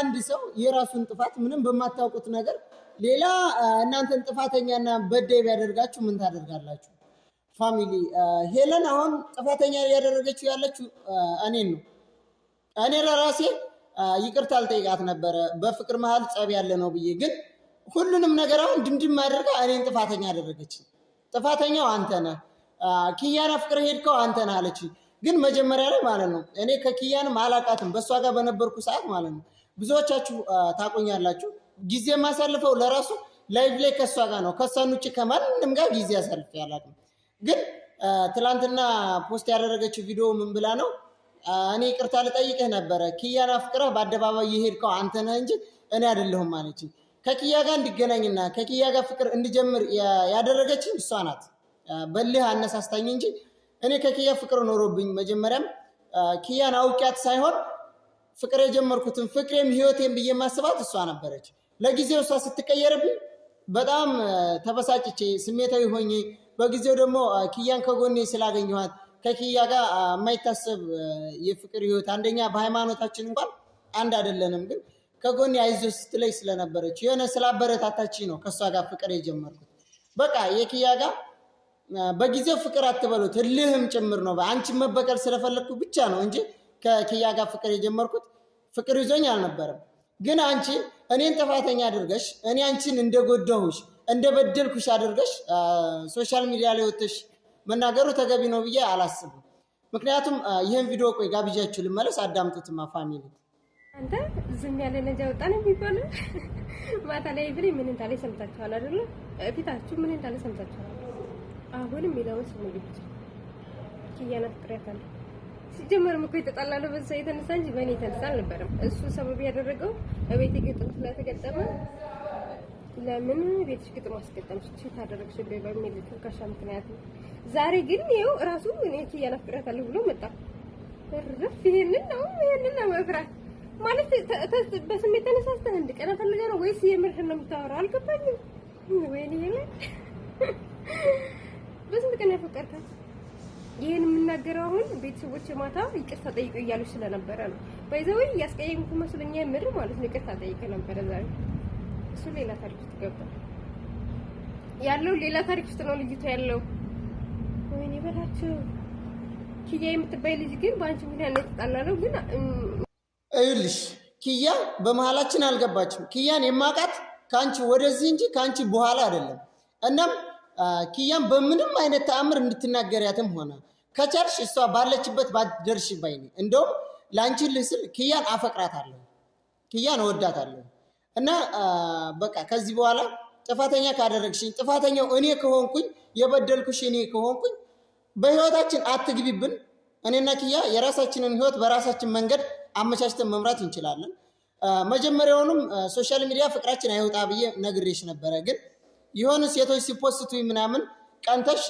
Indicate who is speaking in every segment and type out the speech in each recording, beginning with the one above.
Speaker 1: አንድ ሰው የራሱን ጥፋት ምንም በማታውቁት ነገር ሌላ እናንተን ጥፋተኛና በዳይ ቢያደርጋችሁ ምን ታደርጋላችሁ? ፋሚሊ ሄለን አሁን ጥፋተኛ እያደረገችው ያለችው እኔን ነው። እኔ ለራሴ ይቅርታ አልጠይቃት ነበረ በፍቅር መሀል ጸብ ያለ ነው ብዬ፣ ግን ሁሉንም ነገር አሁን ድምድም አድርጋ እኔን ጥፋተኛ አደረገች። ጥፋተኛው አንተ ነህ ኪያና ፍቅር ሄድከው አንተ ነህ አለች። ግን መጀመሪያ ላይ ማለት ነው እኔ ከኪያንም አላቃትም በእሷ ጋር በነበርኩ ሰዓት ማለት ነው ብዙዎቻችሁ ታቆኛላችሁ። ጊዜ የማሳልፈው ለራሱ ላይቭ ላይ ከእሷ ጋር ነው። ከእሷን ውጭ ከማንም ጋር ጊዜ አሳልፌ አላውቅም። ግን ትላንትና ፖስት ያደረገችው ቪዲዮ ምን ብላ ነው? እኔ ይቅርታ ልጠይቅህ ነበረ ኪያን አፍቅረህ በአደባባይ የሄድከው አንተ ነህ እንጂ እኔ አይደለሁም አለችኝ። ከኪያ ጋር እንዲገናኝና ከኪያ ጋር ፍቅር እንዲጀምር ያደረገችኝ እሷ ናት። በልህ አነሳስታኝ እንጂ እኔ ከኪያ ፍቅር ኖሮብኝ መጀመሪያም ኪያን አውቂያት ሳይሆን ፍቅር የጀመርኩትን ፍቅሬም ህይወቴም ብዬ ማስባት እሷ ነበረች። ለጊዜው እሷ ስትቀየርብኝ በጣም ተበሳጭቼ ስሜታዊ ሆኜ፣ በጊዜው ደግሞ ኪያን ከጎኔ ስላገኘኋት ከኪያ ጋር የማይታሰብ የፍቅር ህይወት አንደኛ በሃይማኖታችን እንኳን አንድ አይደለንም፣ ግን ከጎኔ አይዞ ስትለይ ስለነበረች የሆነ ስላበረታታች ነው ከእሷ ጋር ፍቅር የጀመርኩት። በቃ የኪያ ጋር በጊዜው ፍቅር አትበሉት፣ ልህም ጭምር ነው። አንቺን መበቀል ስለፈለግኩ ብቻ ነው እንጂ ከኪያ ጋር ፍቅር የጀመርኩት ፍቅር ይዞኝ አልነበረም። ግን አንቺ እኔን ጥፋተኛ አድርገሽ እኔ አንቺን እንደጎደሁሽ እንደበደልኩሽ አድርገሽ ሶሻል ሚዲያ ላይ ወጥተሽ መናገሩ ተገቢ ነው ብዬ አላስብም። ምክንያቱም ይህን ቪዲዮ ቆይ ጋብዣችሁ ልመለስ፣ አዳምጡትማ ፋሚሊ
Speaker 2: አንተ ዝም ያለ ነጃ ወጣን የሚባለው ማታ ላይ ብሬ ምን እንዳለ ሰምታችኋል አይደለ? ፊታችሁ ምን እንዳለ ሰምታችኋል። አሁንም የሚለውን ስሙ ልጅ ኪያነት ፍቅር ያታለሁ ሲጀመርም እኮ የተጣላ በዛ የተነሳ እንጂ በእኔ የተነሳ አልነበረም። እሱ ሰበብ ያደረገው በቤት ግጥም ስለተገጠመ ለምን ቤትሽ ግጥም አስገጠምሽ ቺ ታደረግሽ በሚል ትንካሻ ምክንያት ነው። ዛሬ ግን ይኸው እራሱ እኔ እቺ እያናፍቅረታለሁ ብሎ መጣ። ርፍ ይሄንን ነው ይሄንን ነው መፍራት ማለት በስሜት ተነሳስተህ ቀና ፈልገህ ነው ወይስ የምርህን ነው የምታወራው? አልገባኝም። ወይኔ ይሄ በስንት ቀን ያፈቀርካት ይህን የምናገረው አሁን ቤተሰቦች ማታ ይቅርታ ጠይቁ እያሉ ስለነበረ ነው። ባይዘው እያስቀየምኩ መስለኛ የምር ማለት ነው። ይቅርታ ጠይቅ ነበረ ዛሬ። እሱ ሌላ ታሪክ ውስጥ ገባ ያለው ሌላ ታሪክ ውስጥ ነው ልጅቷ ያለው። ወይኔ በላቸው። ኪያ የምትባይ ልጅ ግን በአንቺ ምክንያት ነው ግን
Speaker 1: እዩልሽ፣ ኪያ በመሀላችን አልገባችም። ኪያን የማውቃት ከአንቺ ወደዚህ እንጂ ከአንቺ በኋላ አይደለም። እናም ኪያም በምንም አይነት ተአምር እንድትናገሪያትም ሆነ ከቻልሽ እሷ ባለችበት ባትደርሽ ባይኔ። እንደውም ለአንቺ ልስል ኪያን አፈቅራታለሁ፣ ኪያን እወዳታለሁ እና በቃ ከዚህ በኋላ ጥፋተኛ ካደረግሽኝ፣ ጥፋተኛው እኔ ከሆንኩኝ፣ የበደልኩሽ እኔ ከሆንኩኝ በህይወታችን አትግቢብን። እኔና ኪያ የራሳችንን ህይወት በራሳችን መንገድ አመቻችተን መምራት እንችላለን። መጀመሪያውንም ሶሻል ሚዲያ ፍቅራችን አይወጣ ብዬ ነግሬሽ ነበረ ግን የሆነ ሴቶች ሲፖስቱ ምናምን ቀንተሽ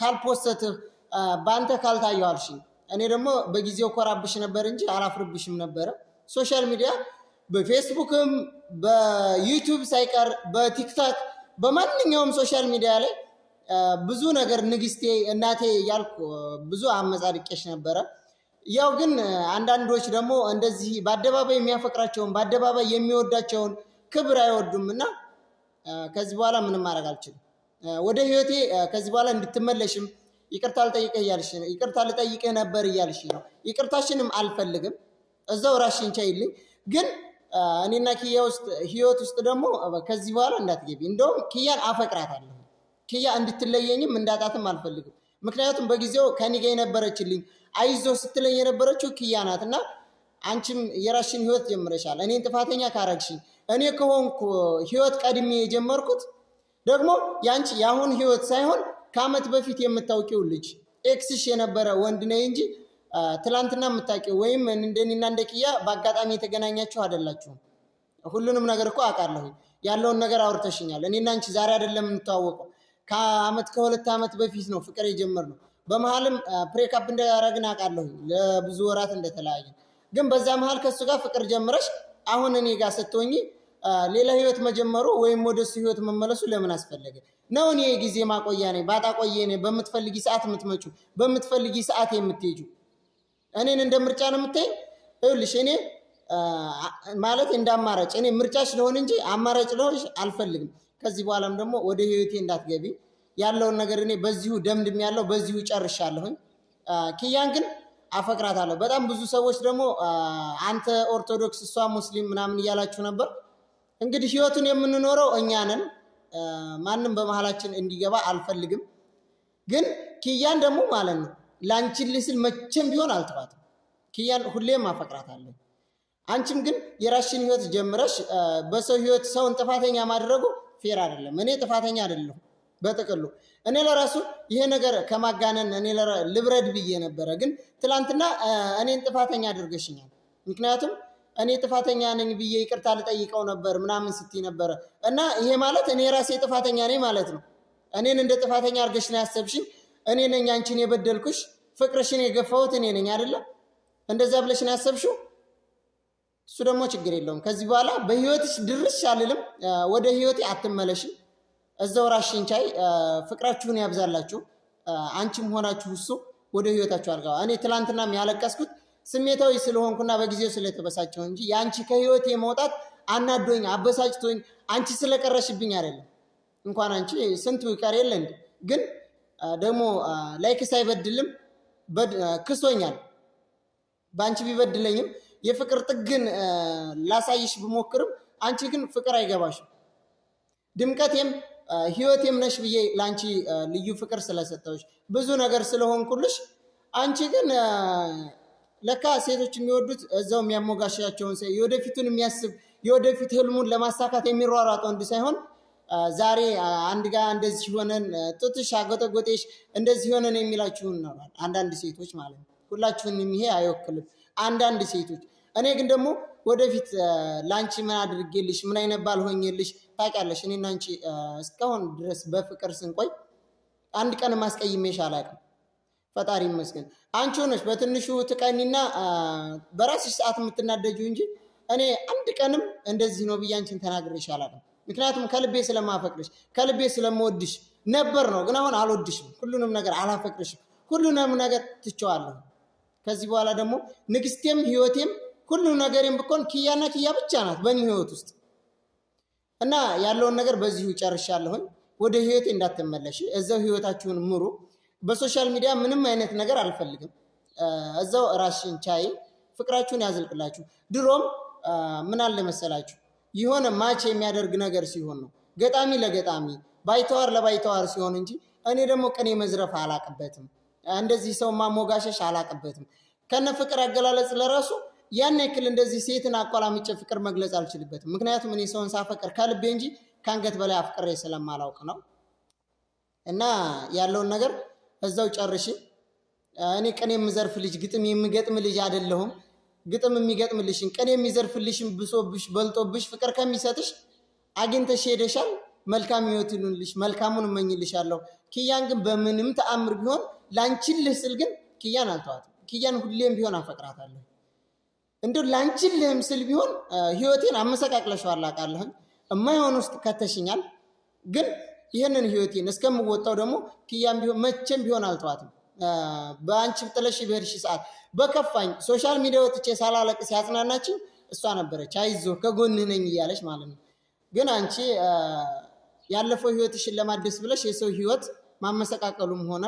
Speaker 1: ካልፖስትህ በአንተ ካልታየው አልሽኝ። እኔ ደግሞ በጊዜው ኮራብሽ ነበር እንጂ አላፍርብሽም ነበረ። ሶሻል ሚዲያ በፌስቡክም በዩቱብ ሳይቀር በቲክታክ በማንኛውም ሶሻል ሚዲያ ላይ ብዙ ነገር ንግስቴ፣ እናቴ እያልኩ ብዙ አመጻድቄሽ ነበረ። ያው ግን አንዳንዶች ደግሞ እንደዚህ በአደባባይ የሚያፈቅራቸውን በአደባባይ የሚወዳቸውን ክብር አይወዱም እና ከዚህ በኋላ ምንም ማድረግ አልችልም። ወደ ህይወቴ ከዚህ በኋላ እንድትመለሽም ይቅርታ ልጠይቅህ እያልሽ ነው። ይቅርታ ልጠይቅህ ነበር እያልሽ ነው። ይቅርታሽንም አልፈልግም። እዛው ራሽን ቻይልኝ። ግን እኔና ኪያ ውስጥ ህይወት ውስጥ ደግሞ ከዚህ በኋላ እንዳትገቢ። እንደውም ኪያን አፈቅራታለሁ። ኪያ እንድትለየኝም እንዳጣትም አልፈልግም። ምክንያቱም በጊዜው ከኔ ጋ የነበረችልኝ አይዞ ስትለኝ የነበረችው ኪያ ናት እና አንቺም የራስሽን ህይወት ጀምረሻል። እኔን ጥፋተኛ ካረግሽ እኔ ከሆንኩ ህይወት ቀድሜ የጀመርኩት ደግሞ ያንቺ የአሁን ህይወት ሳይሆን ከአመት በፊት የምታውቂው ልጅ ኤክስሽ የነበረ ወንድ ነኝ እንጂ ትላንትና የምታውቂው ወይም እንደኔና እንደ ቅያ በአጋጣሚ የተገናኛችሁ አይደላችሁም። ሁሉንም ነገር እኮ አውቃለሁ። ያለውን ነገር አውርተሽኛል። እኔና አንቺ ዛሬ አይደለም የምንተዋወቀው፣ ከአመት ከሁለት ዓመት በፊት ነው ፍቅር የጀመርነው። በመሀልም ፕሬካፕ እንዳረግን አውቃለሁ፣ ለብዙ ወራት እንደተለያየን ግን በዛ መሀል ከእሱ ጋር ፍቅር ጀምረሽ አሁን እኔ ጋር ስትሆኝ ሌላ ህይወት መጀመሩ ወይም ወደ እሱ ህይወት መመለሱ ለምን አስፈለገ? ነው እኔ የጊዜ ማቆያ ነኝ፣ ቆየ ነኝ። በምትፈልጊ ሰዓት የምትመጩ በምትፈልጊ ሰዓት የምትሄጂው፣ እኔን እንደ ምርጫ ነው የምታይኝ። ይኸውልሽ እኔ ማለት እንደ አማራጭ እኔ ምርጫሽ ለሆን እንጂ አማራጭ ለሆንሽ አልፈልግም። ከዚህ በኋላም ደግሞ ወደ ህይወቴ እንዳትገቢ ያለውን ነገር እኔ በዚሁ ደምድም ያለው በዚሁ ጨርሻለሁኝ። ኪያን ግን አፈቅራታለሁ። በጣም ብዙ ሰዎች ደግሞ አንተ ኦርቶዶክስ እሷ ሙስሊም ምናምን እያላችሁ ነበር። እንግዲህ ህይወቱን የምንኖረው እኛ ነን። ማንም በመሀላችን እንዲገባ አልፈልግም። ግን ኪያን ደግሞ ማለት ነው ለአንቺን ልስል መቼም ቢሆን አልተዋትም። ኪያን ሁሌም አፈቅራታለሁ። አንቺም ግን የራስሽን ህይወት ጀምረሽ በሰው ህይወት ሰውን ጥፋተኛ ማድረጉ ፌር አይደለም። እኔ ጥፋተኛ አይደለሁ በጥቅሉ እኔ ለራሱ ይሄ ነገር ከማጋነን እኔ ልብረድ ብዬ ነበረ። ግን ትላንትና እኔን ጥፋተኛ አድርገሽኛል። ምክንያቱም እኔ ጥፋተኛ ነኝ ብዬ ይቅርታ ልጠይቀው ነበር ምናምን ስትይ ነበረ እና ይሄ ማለት እኔ ራሴ ጥፋተኛ ነኝ ማለት ነው። እኔን እንደ ጥፋተኛ አድርገሽ ነው ያሰብሽኝ። እኔ ነኝ አንቺን የበደልኩሽ፣ ፍቅርሽን የገፋሁት እኔ ነኝ አይደለም? እንደዛ ብለሽ ነው ያሰብሽው። እሱ ደግሞ ችግር የለውም። ከዚህ በኋላ በህይወትሽ ድርሽ አልልም። ወደ ህይወቴ አትመለሽም። እዛው ራሽን ቻይ ፍቅራችሁን ያብዛላችሁ። አንቺም ሆናችሁ እሱ ወደ ህይወታችሁ አድርጋ። እኔ ትላንትና ያለቀስኩት ስሜታዊ ስለሆንኩና በጊዜው ስለተበሳጨሁ እንጂ የአንቺ ከህይወት የመውጣት አናዶኝ አበሳጭቶኝ አንቺ ስለቀረሽብኝ አይደለም። እንኳን አንቺ ስንቱ ይቀር የለ እንዲ ግን ደግሞ ላይክስ አይበድልም ክሶኛል። በአንቺ ቢበድለኝም የፍቅር ጥግን ላሳይሽ ብሞክርም አንቺ ግን ፍቅር አይገባሽም ድምቀቴም ህይወቴም ነሽ ብዬ ለአንቺ ልዩ ፍቅር ስለሰጠሁሽ ብዙ ነገር ስለሆንኩልሽ፣ አንቺ ግን ለካ ሴቶች የሚወዱት እዛው የሚያሞጋሻቸውን የወደፊቱን የሚያስብ የወደፊት ህልሙን ለማሳካት የሚሯሯጥ ወንድ ሳይሆን ዛሬ አንድ ጋር እንደዚህ ሆነን ጡትሽ አጎጠጎጤሽ እንደዚህ ሆነን የሚላችሁን ነው አንዳንድ ሴቶች ማለት ነው። ሁላችሁን ይሄ አይወክልም። አንዳንድ ሴቶች እኔ ግን ደግሞ ወደፊት ለአንቺ ምን አድርጌልሽ ምን አይነት ባል ታውቂያለሽ፣ እኔና አንቺ እስካሁን ድረስ በፍቅር ስንቆይ አንድ ቀን ማስቀይሜሽ አላውቅም። ፈጣሪ ይመስገን። አንቺ ሆነሽ በትንሹ ትቀኒና በራስሽ ሰዓት የምትናደጁ እንጂ እኔ አንድ ቀንም እንደዚህ ነው ብዬ አንቺን ተናግሬሽ አላውቅም። ምክንያቱም ከልቤ ስለማፈቅርሽ ከልቤ ስለምወድሽ ነበር ነው። ግን አሁን አልወድሽም፣ ሁሉንም ነገር አላፈቅርሽም፣ ሁሉንም ነገር ትቼዋለሁ። ከዚህ በኋላ ደግሞ ንግስቴም ህይወቴም ሁሉ ነገሬም ብኮን ኪያና ኪያ ብቻ ናት በእኔ ህይወት ውስጥ እና ያለውን ነገር በዚሁ ጨርሻለሁኝ። ወደ ህይወቴ እንዳትመለሽ፣ እዛው ህይወታችሁን ምሩ። በሶሻል ሚዲያ ምንም አይነት ነገር አልፈልግም። እዛው ራስሽን ቻይ፣ ፍቅራችሁን ያዘልቅላችሁ። ድሮም ምን አለ መሰላችሁ የሆነ ማች የሚያደርግ ነገር ሲሆን ነው ገጣሚ ለገጣሚ ባይተዋር ለባይተዋር ሲሆን እንጂ እኔ ደግሞ ቅኔ መዝረፍ አላቅበትም። እንደዚህ ሰው ማሞጋሸሽ አላቅበትም። ከነ ፍቅር አገላለጽ ለራሱ ያን ያክል እንደዚህ ሴትን አቆላምጬ ፍቅር መግለጽ አልችልበትም። ምክንያቱም እኔ ሰውን ሳፈቅር ከልቤ እንጂ ከአንገት በላይ አፍቅሬ ስለማላውቅ ነው። እና ያለውን ነገር እዛው ጨርሽ። እኔ ቅኔ የምዘርፍ ልጅ ግጥም የምገጥም ልጅ አይደለሁም። ግጥም የሚገጥምልሽን ቅኔ የሚዘርፍልሽን ብሶብሽ በልጦብሽ ፍቅር ከሚሰጥሽ አግኝተሽ ሄደሻል። መልካም ህይወት ይኑልሽ፣ መልካሙን እመኝልሻለሁ። ኪያን ግን በምንም ተአምር ቢሆን ላንቺልህ ስል ግን ኪያን አልተዋትም። ኪያን ሁሌም ቢሆን አፈቅራታለሁ። እንደ ላንቺን ልህም ስል ቢሆን ህይወቴን አመሰቃቅለሸዋል አውቃለሁኝ። እማይሆን ውስጥ ከተሽኛል። ግን ይህንን ህይወቴን እስከምወጣው ደግሞ ክያም ቢሆን መቼም ቢሆን አልተዋትም። በአንቺ ጥለሽ በሄድሽ ሰዓት በከፋኝ ሶሻል ሚዲያ ወጥቼ ሳላለቅ ሲያጽናናችኝ እሷ ነበረች። አይዞ ከጎንህ ነኝ እያለች ማለት ነው። ግን አንቺ ያለፈው ህይወትሽን ለማደስ ብለሽ የሰው ህይወት ማመሰቃቀሉም ሆነ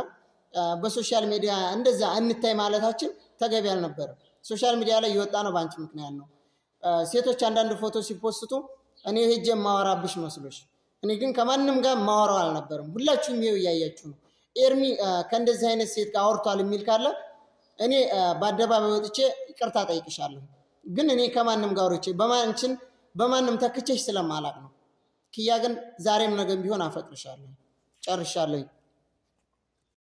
Speaker 1: በሶሻል ሚዲያ እንደዛ እንታይ ማለታችን ተገቢ አልነበረም። ሶሻል ሚዲያ ላይ የወጣ ነው በአንቺ ምክንያት ነው። ሴቶች አንዳንድ ፎቶ ሲፖስቱ እኔ ሄጄ የማወራብሽ መስሎሽ፣ እኔ ግን ከማንም ጋር ማወራው አልነበርም። ሁላችሁም ይኸው እያያችሁ ነው። ኤርሚ ከእንደዚህ አይነት ሴት ጋር አውርቷል የሚል ካለ እኔ በአደባባይ ወጥቼ ይቅርታ ጠይቅሻለሁ። ግን እኔ ከማንም ጋር ወርቼ በማንችን በማንም ተክቼሽ ስለማላቅ ነው። ክያ ግን ዛሬም ነገም ቢሆን አፈቅርሻለሁ። ጨርሻለሁ።